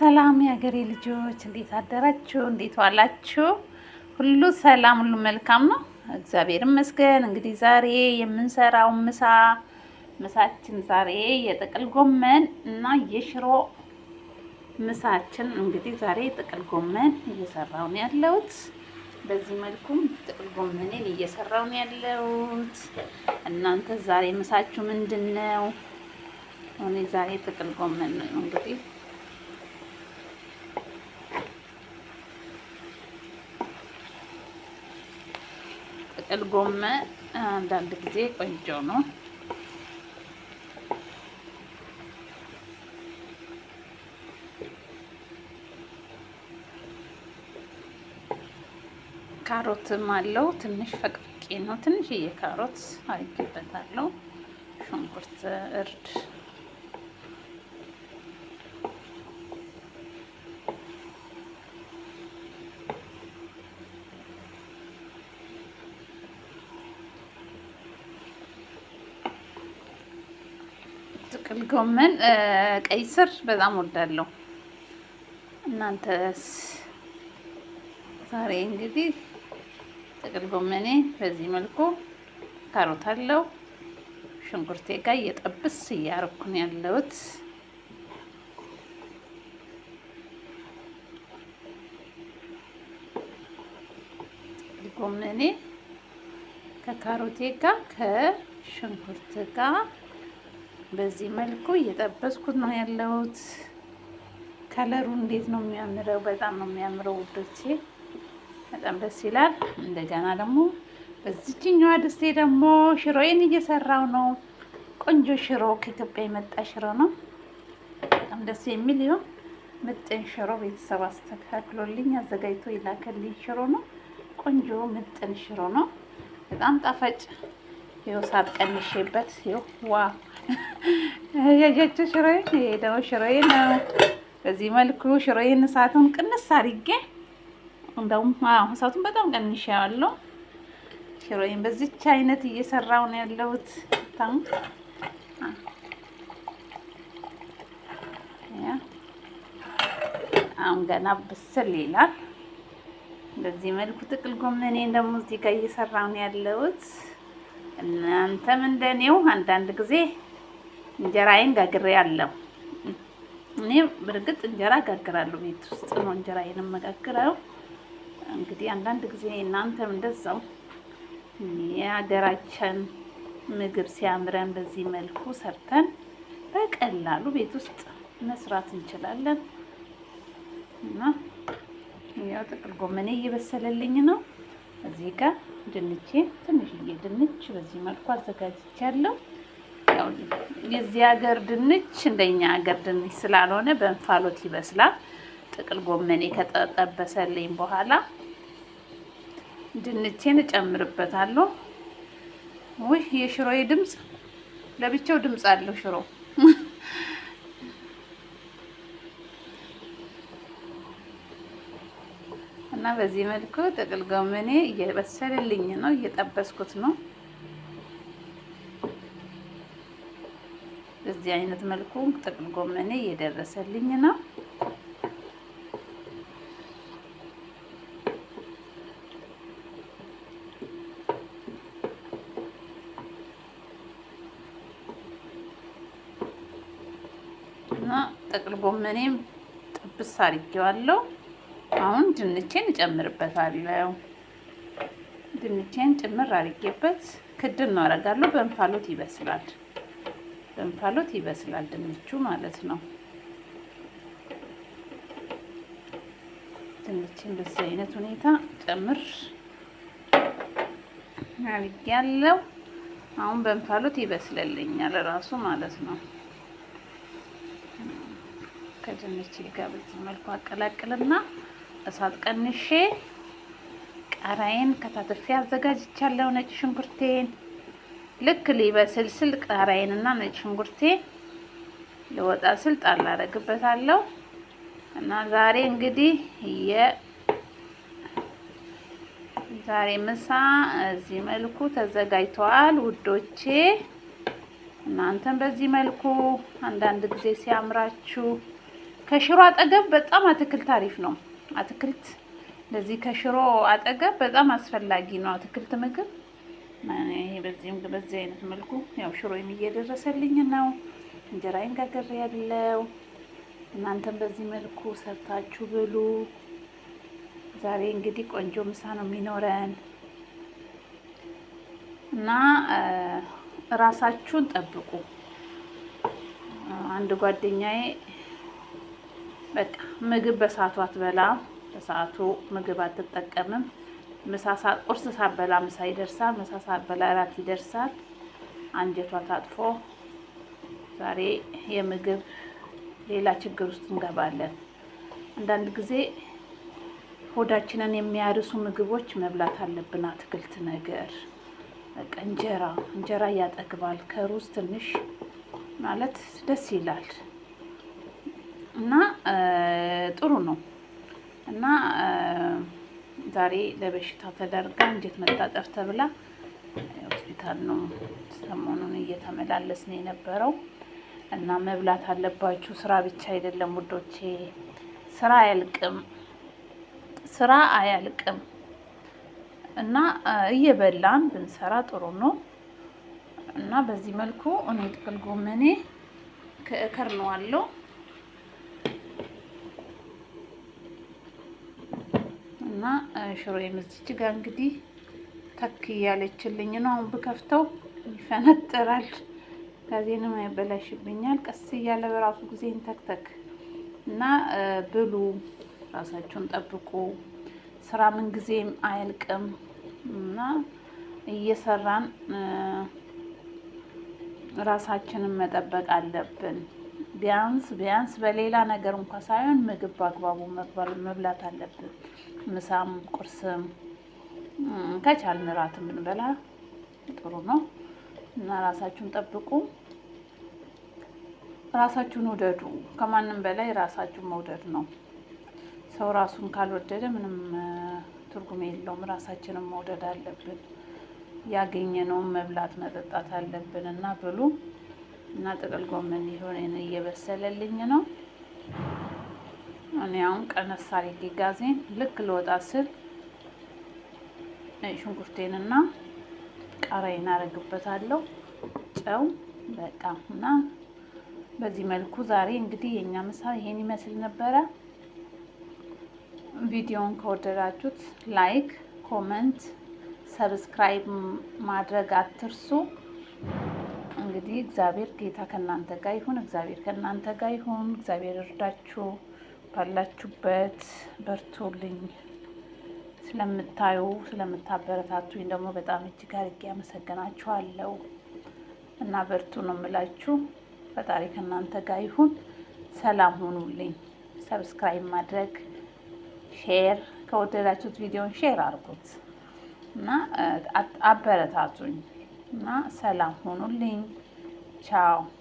ሰላም የሀገሬ ልጆች እንዴት አደራችሁ? እንዴት ዋላችሁ? ሁሉ ሰላም፣ ሁሉ መልካም ነው፣ እግዚአብሔር ይመስገን። እንግዲህ ዛሬ የምንሰራው ምሳ ምሳችን ዛሬ የጥቅል ጎመን እና የሽሮ ምሳችን እንግዲህ ዛሬ ጥቅል ጎመን እየሰራው ነው ያለሁት። በዚህ መልኩም ጥቅል ጎመኔን እየሰራው ነው ያለሁት። እናንተ ዛሬ ምሳችሁ ምንድን ነው? እኔ ዛሬ ጥቅል ጎመን ነው እንግዲህ ጥቅል አንዳንድ ጊዜ ቆንጆ ነው። ካሮትም አለው ትንሽ ፈቅፍቄ ነው። ትንሽዬ ካሮት አድርጌበታለሁ። ሽንኩርት እርድ ቅል ጎመን ቀይ ስር በጣም ወዳለሁ። እናንተስ? ዛሬ እንግዲህ ጥቅል ጎመኔ በዚህ መልኩ ካሮት አለው ሽንኩርቴ ጋር እየጠብስ እያረኩን ነው ያለሁት። ጎመኔ ከካሮቴ ጋር ከሽንኩርት ጋር በዚህ መልኩ እየጠበስኩት ነው ያለሁት። ከለሩ እንዴት ነው የሚያምረው! በጣም ነው የሚያምረው ውዶቼ፣ በጣም ደስ ይላል። እንደገና ደግሞ በዚችኛዋ ድስቴ ደግሞ ሽሮዬን እየሰራው ነው። ቆንጆ ሽሮ ከኢትዮጵያ የመጣ ሽሮ ነው። በጣም ደስ የሚል ይሁን ምጥን ሽሮ ቤተሰብ አስተካክሎልኝ አዘጋጅቶ ይላከልኝ ሽሮ ነው። ቆንጆ ምጥን ሽሮ ነው። በጣም ጣፋጭ ይኸው ቀንሼበት ይኸው ዋ ያያቸው ሽሮዬን፣ ይሄ ደግሞ ሽሮዬ ነው። በዚህ መልኩ ሽሮዬን እሳቱን ቅንስ አድርጌ እንደውም አዎ እሳቱን በጣም ቀንሼዋለሁ። ሽሮዬን በዚች አይነት እየሰራው ነው ያለሁት። ታም አሁን ገና ብስል ይላል። በዚህ መልኩ ጥቅል ጎመኔ ደግሞ እዚህ ጋር እየሰራው ነው ያለሁት። እናንተም እንደኔው አንዳንድ ጊዜ እንጀራዬን ጋግሬ አለው። እኔ በእርግጥ እንጀራ ጋግራለሁ፣ ቤት ውስጥ ነው እንጀራዬን መጋግረው። እንግዲህ አንዳንድ ጊዜ እናንተም እንደዛው የሀገራችን ምግብ ሲያምረን በዚህ መልኩ ሰርተን በቀላሉ ቤት ውስጥ መስራት እንችላለን። እና ያው ጥቅል ጎመኔ እየበሰለልኝ ነው። እዚህ ጋር ድንቼ ትንሽዬ ድንች በዚህ መልኩ አዘጋጅቻለሁ። ያው የዚህ ሀገር ድንች እንደኛ ሀገር ድንች ስላልሆነ በእንፋሎት ይበስላል። ጥቅል ጎመኔ ከተጠበሰልኝ በኋላ ድንቼን እጨምርበታለሁ። ውህ የሽሮዬ ድምፅ ለብቻው ድምፅ አለው ሽሮ እና በዚህ መልኩ ጥቅል ጎመኔ እየበሰልልኝ ነው፣ እየጠበስኩት ነው። በዚህ አይነት መልኩ ጥቅል ጎመኔ እየደረሰልኝ ነው። እና ጥቅል ጎመኔም ጥብስ አድርጌዋለሁ። አሁን ድንቼን እጨምርበታለሁ። ድንቼን ጭምር አድርጌበት ክድን ነው አደርጋለሁ። በእንፋሎት ይበስላል። በእንፋሎት ይበስላል ድንቹ ማለት ነው። ድንችን በዚህ አይነት ሁኔታ ጨምር ያለው አሁን በእንፋሎት ይበስልልኛል ራሱ ማለት ነው። ከድንች ጋር በዚህ መልኩ አቀላቅልና እሳት ቀንሼ ቃሪያን ከታትፌ አዘጋጅቻለሁ። ነጭ ሽንኩርቴን ልክ ሊበስል ስል እና ነጭ ሽንኩርቴ ልወጣ ስል ጣል አደርግበታለሁ እና ዛሬ እንግዲህ የ ዛሬ ምሳ እዚህ መልኩ ተዘጋጅተዋል ውዶቼ። እናንተም በዚህ መልኩ አንዳንድ ጊዜ ሲያምራችሁ ከሽሮ አጠገብ በጣም አትክልት አሪፍ ነው። አትክልት እንደዚህ ከሽሮ አጠገብ በጣም አስፈላጊ ነው አትክልት ምግብ በዚህም በዚህ አይነት መልኩ ያው ሽሮዬም እየደረሰልኝ ነው። እንጀራዬን ጋገር ያለው እናንተም በዚህ መልኩ ሰርታችሁ ብሉ። ዛሬ እንግዲህ ቆንጆ ምሳ ነው የሚኖረን እና ራሳችሁን ጠብቁ። አንድ ጓደኛዬ በቃ ምግብ በሰዓቱ አትበላም፣ በሰዓቱ ምግብ አትጠቀምም ምሳሳ ቁርስ ሳበላ ምሳ ይደርሳል። ምሳ ሳበላ እራት ይደርሳል። አንጀቷ ታጥፎ ዛሬ የምግብ ሌላ ችግር ውስጥ እንገባለን። አንዳንድ ጊዜ ሆዳችንን የሚያርሱ ምግቦች መብላት አለብን። አትክልት ነገር በቃ እንጀራ እንጀራ ያጠግባል። ከሩዝ ትንሽ ማለት ደስ ይላል እና ጥሩ ነው እና ዛሬ ለበሽታ ተደርጋ እንዴት መታጠፍ ተብላ ሆስፒታል ነው ሰሞኑን ነው የነበረው እና መብላት አለባችሁ። ስራ ብቻ አይደለም ውዶቼ፣ ስራ አያልቅም፣ ስራ አያልቅም እና እየበላን ብንሰራ ጥሩ ነው እና በዚህ መልኩ እኔ ጥቅል ጎመኔ ከእከር ነው አለው እና ሽሮ የምዝች ጋር እንግዲህ ተክ እያለችልኝ ነው። አሁን ብከፍተው ይፈነጥራል፣ ጋዜንም አይበላሽብኛል። ቀስ እያለ በራሱ ጊዜን ተክተክ እና ብሉ፣ ራሳችሁን ጠብቁ። ስራ ምን ጊዜም አያልቅም እና እየሰራን ራሳችንን መጠበቅ አለብን። ቢያንስ ቢያንስ በሌላ ነገር እንኳ ሳይሆን ምግብ በአግባቡ መብላት አለብን። ምሳም ቁርስም ከቻል እራትም ብንበላ ጥሩ ነው እና ራሳችሁን ጠብቁ፣ ራሳችሁን ውደዱ። ከማንም በላይ ራሳችሁን መውደድ ነው። ሰው ራሱን ካልወደደ ምንም ትርጉም የለውም። ራሳችንን መውደድ አለብን። ያገኘነውን መብላት መጠጣት አለብን እና ብሉ። እና ጥቅል ጎመን ሊሆን እየበሰለልኝ ነው። እኔ አሁን ቀነስ አድርጌ ጋዜን ልክ ልወጣ ስል ሽንኩርቴንና ቃሪያን አደርግበታለሁ። ጨው በቃ እና በዚህ መልኩ ዛሬ እንግዲህ የእኛ ምሳ ይሄን ይመስል ነበረ። ቪዲዮውን ከወደዳችሁት ላይክ፣ ኮመንት፣ ሰብስክራይብ ማድረግ አትርሱ። እንግዲህ እግዚአብሔር ጌታ ከእናንተ ጋር ይሁን። እግዚአብሔር ከእናንተ ጋር ይሁን። እግዚአብሔር እርዳችሁ። ባላችሁበት በርቶልኝ። ስለምታዩ ወይም ደግሞ በጣም እጅግ አድርጌ አመሰግናችኋለሁ እና በርቱ ነው የምላችሁ። ፈጣሪ ከእናንተ ጋር ይሁን። ሰላም ሆኑልኝ ሰብስክራይብ ማድረግ ሼር ከወደዳችሁት ቪዲዮን ሼር አድርጉት እና አበረታቱኝ እና ሰላም ሆኑልኝ Tchau.